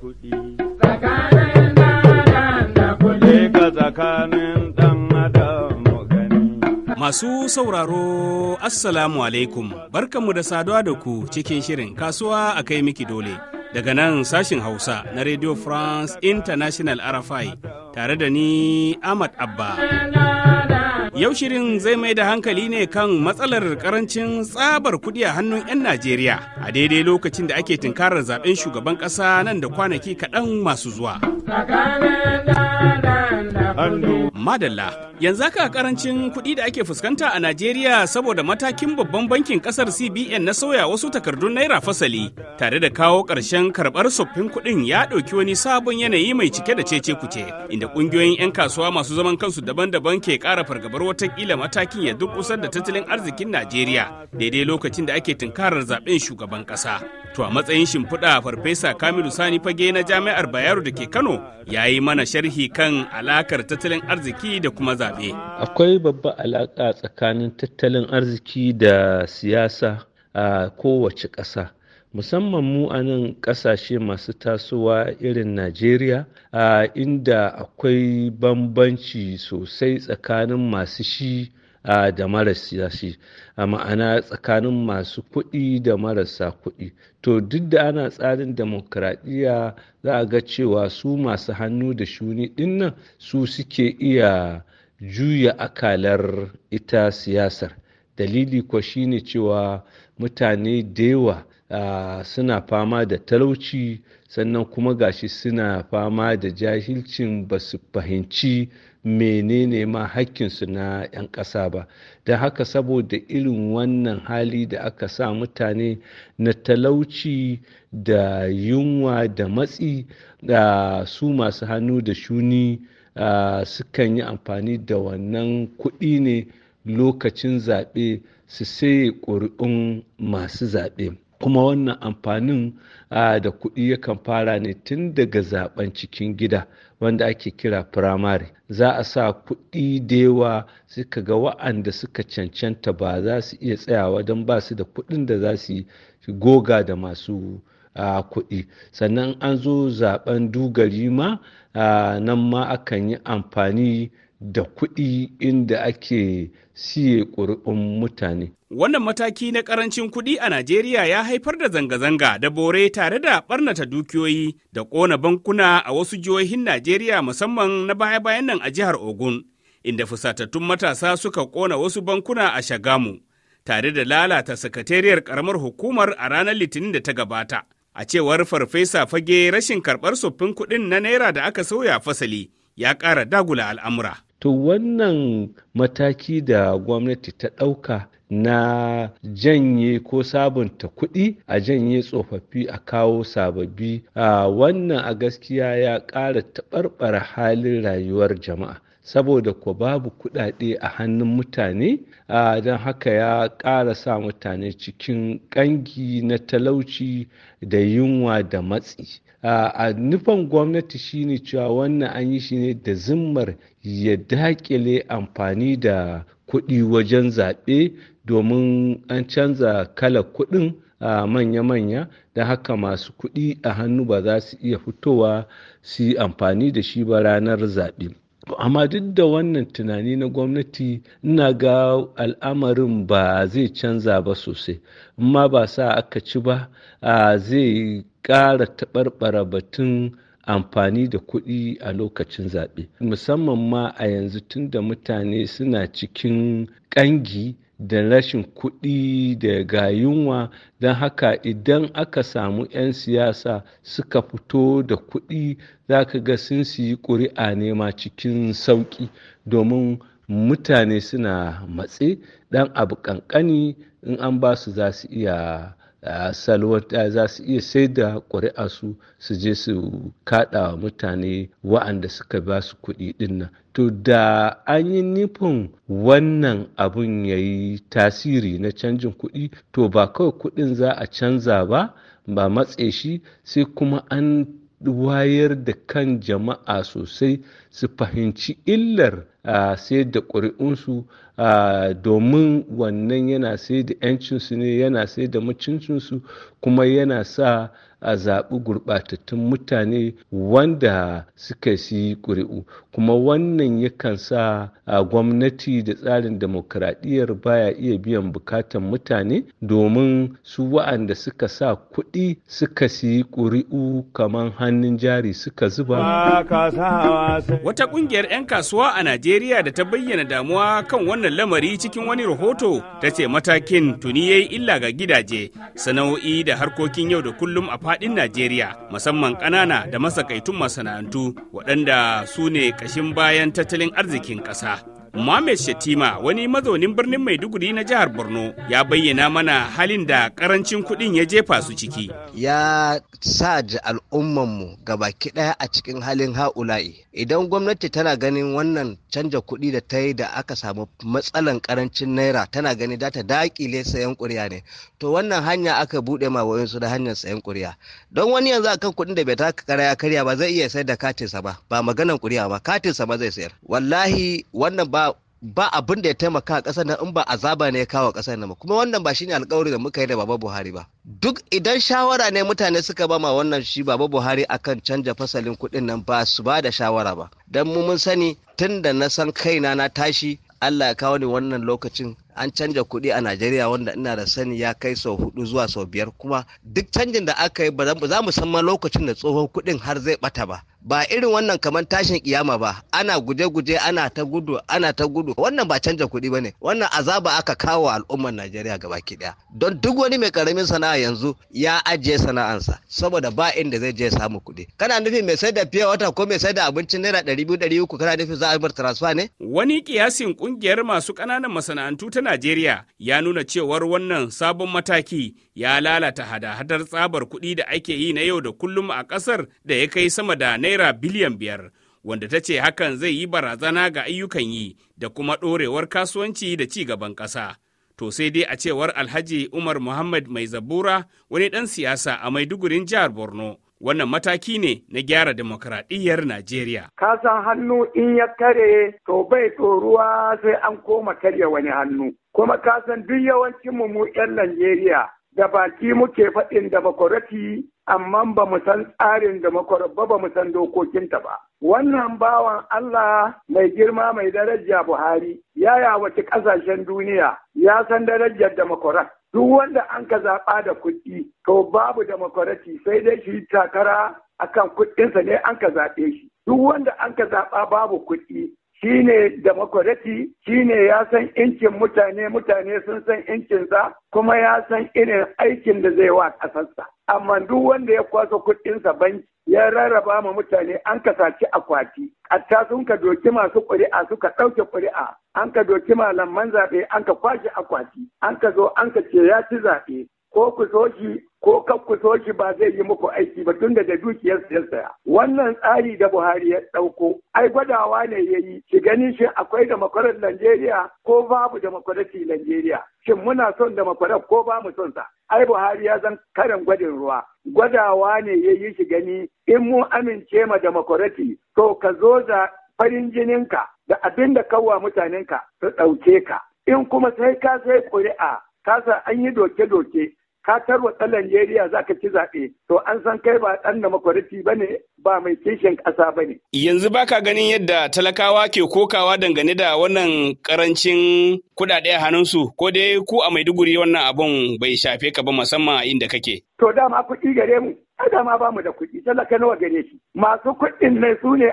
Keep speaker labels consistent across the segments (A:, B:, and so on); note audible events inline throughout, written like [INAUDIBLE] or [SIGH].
A: kuɗi. Tsakanin Masu sauraro Assalamu alaikum barkanmu da saduwa da ku cikin shirin kasuwa a kai miki dole. Daga nan sashin Hausa na Radio France International RFI tare da ni Ahmad Abba. Yau shirin zai mai da hankali ne kan matsalar karancin tsabar kuɗi a hannun 'yan Najeriya a daidai lokacin da ake tunkarar zaben shugaban ƙasa nan da kwanaki kaɗan masu zuwa. Madalla, yanzu haka karancin kuɗi da ake fuskanta a Najeriya saboda matakin babban bankin ƙasar CBN na sauya wasu takardun naira fasali, tare da kawo ƙarshen karɓar tsoffin kuɗin ya ɗauki wani sabon yanayi mai cike da cece kuce, inda ƙungiyoyin 'yan kasuwa masu zaman kansu daban-daban ke ƙara fargabar watakila matakin ya duk durkusar da tattalin arzikin Najeriya daidai lokacin da ake tunkarar zaben shugaban ƙasa. To a matsayin shimfiɗa farfesa Kamilu Sani Fage na Jami'ar Bayero da ke Kano ya yi mana sharhi kan alakar tattalin arziki da kuma zaɓe.
B: Akwai babba alaƙa tsakanin tattalin arziki da siyasa a kowace ƙasa. musamman mu a nan ƙasashe masu tasowa irin najeriya a inda akwai bambanci sosai tsakanin masu shi da marasa shi a ma'ana tsakanin masu kuɗi da marasa kuɗi to duk da ana tsarin demokradiyya za a ga cewa su masu hannu da shuni dinnan su suke iya juya akalar ita siyasar dalili kuwa shine cewa mutane da yawa suna fama da talauci sannan kuma gashi suna fama da jahilcin ba su fahimci menene ma hakkinsu na 'yan ƙasa ba don haka saboda irin wannan hali da aka sa mutane na talauci da yunwa da matsi da su masu hannu da shuni sukan yi amfani da wannan kuɗi ne lokacin zaɓe su sai ƙuri'un masu zaɓe kuma wannan amfanin da kuɗi yakan fara ne tun daga zaben cikin gida wanda ake kira firamare za a sa kuɗi da yawa suka ga wa'anda suka cancanta ba za su iya tsayawa don ba su da kuɗin da za su goga da masu kuɗi sannan an zo zaben dugari ma nan ma akan yi amfani da kuɗi inda ake siye ƙuri'un mutane.
A: Wannan mataki na ƙarancin kuɗi a Najeriya ya haifar da zanga-zanga da bore tare da ɓarnata dukiyoyi da ƙona bankuna a wasu jihohin Najeriya musamman na baya-bayan nan a jihar Ogun, inda fusatattun matasa suka ƙona wasu bankuna a Shagamu, tare da lalata sakatariyar ƙaramar hukumar a ranar Litinin da ta gabata. A cewar Farfesa Fage rashin karɓar tsoffin kuɗin na Naira da aka sauya fasali ya ƙara dagula al'amura.
B: to wannan mataki da gwamnati ta ɗauka na janye ko sabunta kuɗi a janye tsofaffi a kawo sababbi a wannan a gaskiya ya ƙara taɓarɓara halin rayuwar jama'a saboda ko babu kuɗaɗe a hannun mutane A don haka ya ƙara sa mutane cikin ƙangi na talauci da yunwa da matsi a nufan gwamnati shine cewa wannan an yi shi ne da zimmar ya dakile amfani da kuɗi wajen zaɓe domin an canza kala kuɗin a manya-manya da haka masu kuɗi a hannu ba za su iya fitowa su yi amfani da shi ba ranar zaɓe amma duk da wannan tunani na gwamnati ina ga al'amarin ba zai canza ba sosai amma ba sa aka ci ba zai ƙara taɓarɓara batun amfani da kuɗi a lokacin zaɓe musamman ma a yanzu tun da mutane suna cikin ƙangi da rashin kuɗi da ga don haka idan aka samu 'yan siyasa suka fito da kuɗi za ka ga sun siyi ƙuri'a nema cikin sauƙi domin mutane suna matse ɗan abu ƙanƙani in an ba su za su iya salwata za su iya sai da ƙuri'a su je su kaɗa mutane wa'anda suka ba su kuɗi ɗinnan to da an yi nufin wannan abun ya yi tasiri na canjin kuɗi to ba kawai kuɗin za a canza ba ba matse shi sai kuma an wayar da kan jama'a sosai su fahimci illar sai da ƙuri'unsu domin wannan yana sai da 'yancinsu ne yana sai da mucincinsu kuma yana sa a zaɓi gurɓatattun mutane wanda suka si ƙuri'u kuma wannan yakan sa a gwamnati da tsarin demokradiyyar baya iya biyan bukatan mutane domin su wa'anda suka sa kuɗi suka siyi ƙuri'u kamar hannun jari suka zuba
A: wata ƙungiyar 'yan kasuwa a najeriya Najeriya da ta bayyana damuwa kan wannan lamari cikin wani rahoto ta ce matakin tuni ya yi illa ga gidaje, sana'o'i da harkokin yau da kullum a fadin Najeriya, musamman ƙanana da masakaitun masana'antu waɗanda su ne ƙashin bayan tattalin arzikin ƙasa. Mohammed Shatima wani mazaunin birnin Maiduguri na jihar Borno ya bayyana mana halin da karancin kuɗin ya jefa su ciki.
C: Ya sa ji al'ummanmu baki ɗaya a cikin halin ha'ula'i. Idan gwamnati tana ganin wannan canja kuɗi da ta yi da aka samu matsalan karancin naira tana gani da ta dakile sayan kuriya ne. To wannan hanya aka buɗe ma wayansu da hanyar sayan kuriya Don wani yanzu akan kuɗin da bai taka karya karya ba zai iya sayar da katinsa ba ba maganan ƙuri'a ba katinsa ma zai sayar. Wallahi wannan ba abin da ya taimaka a ƙasar nan in ba azaba ne ya kawo ƙasar nan kuma wannan ba shine alƙawari da muka yi da baba Buhari ba duk idan shawara ne mutane suka ba ma wannan shi baba Buhari akan canja fasalin kuɗin nan ba su ba da shawara ba dan mu mun sani tun da na san kaina na tashi Allah ya kawo ni wannan lokacin an canja kuɗi a Najeriya wanda ina da sani ya kai sau hudu zuwa sau biyar kuma duk canjin da aka yi ba za mu san ma lokacin da tsohon kuɗin har zai bata ba ba irin wannan kamar tashin kiyama ba ana guje-guje ana ta gudu ana ta gudu wannan ba canja kuɗi ba ne wannan azaba aka kawo al'ummar najeriya gabaki daya don duk wani mai karamin sana'a yanzu ya ajiye sana'ansa saboda ba inda zai je samu kuɗi kana nufin mai sai da fiye wata ko mai sai da abincin naira ɗari biyu ɗari uku kana nufin za a bar transfer ne.
A: wani kiyasin kungiyar masu ƙananan masana'antu ta najeriya ya nuna cewar wannan sabon mataki ya lalata hada-hadar tsabar kuɗi da ake yi na yau da kullum a ƙasar da ya kai sama da naira biliyan biyar wanda ta ce hakan zai yi barazana ga ayyukan yi da kuma ɗorewar kasuwanci da ci gaban ƙasa. To sai dai a cewar Alhaji Umar Muhammad Mai Zabura wani ɗan siyasa a Maidugurin jihar Borno. Wannan mataki ne na gyara demokradiyyar Najeriya.
D: Ka san hannu in ya kare to bai ruwa sai an koma karya wani hannu. Kuma ka san duk yawancin mu mu 'yan Najeriya da baki muke faɗin demokarati amma ba mu san tsarin demokarat ba ba mu san dokokinta ba. Wannan bawan Allah mai girma mai daraja Buhari ya yawaci ƙasashen duniya ya san darajar demokarat. Duk wanda an ka zaɓa da kuɗi to babu demokarati sai dai shi takara akan kuɗinsa ne an ka zaɓe shi. Duk wanda an ka zaɓa babu kuɗi shi ne demokwarati shi ne ya san incin mutane mutane sun san incinsa kuma ya san irin aikin da zai wa kasarsa amma duk wanda ya kwaso kuɗinsa banki ya rarraba ma mutane an ka akwati ta sun ka doki masu ƙuri'a suka ɗauke ƙuri'a an ka doki malaman zaɓe an ka kwashe akwati an ka zo an ka ce ya ci zaɓe ko ku so shi ko kan ku shi ba zai yi muku aiki ba tun daga dukiyar siyasa wannan tsari da Buhari ya ɗauko ai gwadawa ne ya yi shi ganin shi akwai demokarar Najeriya ko babu demokarasi Najeriya shin muna son demokarar ko ba mu son sa ai Buhari ya zan karin gwadin ruwa gwadawa ne ya yi shi gani in mu amince ma demokarasi to ka zo da farin jininka da abin da mutanen ka su ɗauke ka in kuma sai ka sai ƙuri'a kasa an yi doke-doke ka tarwa ɗan Najeriya za ka ci zaɓe to an san kai ba ɗan da makwariti ba ne ba mai kishin ƙasa ba ne.
A: Yanzu baka ganin yadda talakawa ke kokawa dangane da wannan karancin kuɗaɗe a hannunsu ko dai ku a Maiduguri wannan abun bai shafe ka ba musamman a inda kake.
D: To dama kuɗi gare mu dama ba bamu da kuɗi talaka nawa gare shi masu kuɗin ne su ne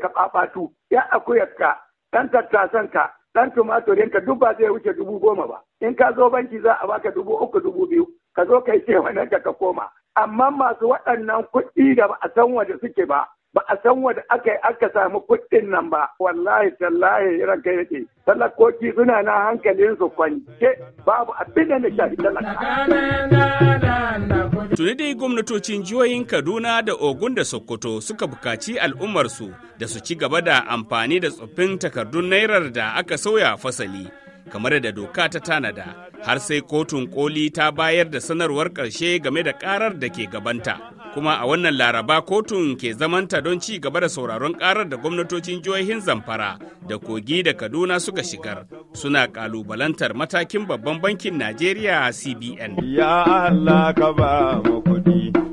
D: ka ɗan ya akuyarka ɗan tattasanka dan tumaturin ka duk ba zai wuce dubu goma ba in ka zo banki za a baka dubu uku dubu biyu ka zo kai [LAUGHS] ce wannan ka koma amma masu waɗannan kuɗi da ba a san waje suke ba ba a san wanda aka yi aka samu kuɗin nan ba wallahi tallahi irin kai yake talakoki suna na hankalin su kwance babu abin da na shafi talaka.
A: Tuni dai gwamnatocin jihohin Kaduna da Ogun da Sokoto suka bukaci al'ummarsu da su ci gaba da amfani da tsoffin takardun nairar da aka sauya fasali. kamar da doka ta tanada har sai kotun koli ta bayar da sanarwar ƙarshe game da ƙarar da ke gabanta kuma a wannan laraba kotun ke zamanta don ci gaba da sauraron ƙarar da gwamnatocin jihohin zamfara da kogi da kaduna suka shigar suna ƙalubalantar matakin babban bankin najeriya cbn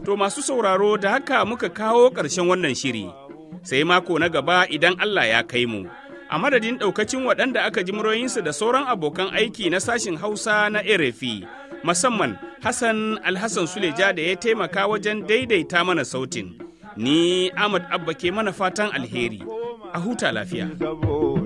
A: to masu sauraro da haka muka kawo ƙarshen wannan shiri sai mako na gaba idan allah ya kai mu a madadin ɗaukacin waɗanda aka ji muroyinsu da sauran abokan aiki na sashin Hausa na erefi musamman Hassan Alhassan Suleja da ya taimaka wajen daidaita mana sautin. Ni Ahmad Abba ke mana fatan alheri, a huta
D: lafiya.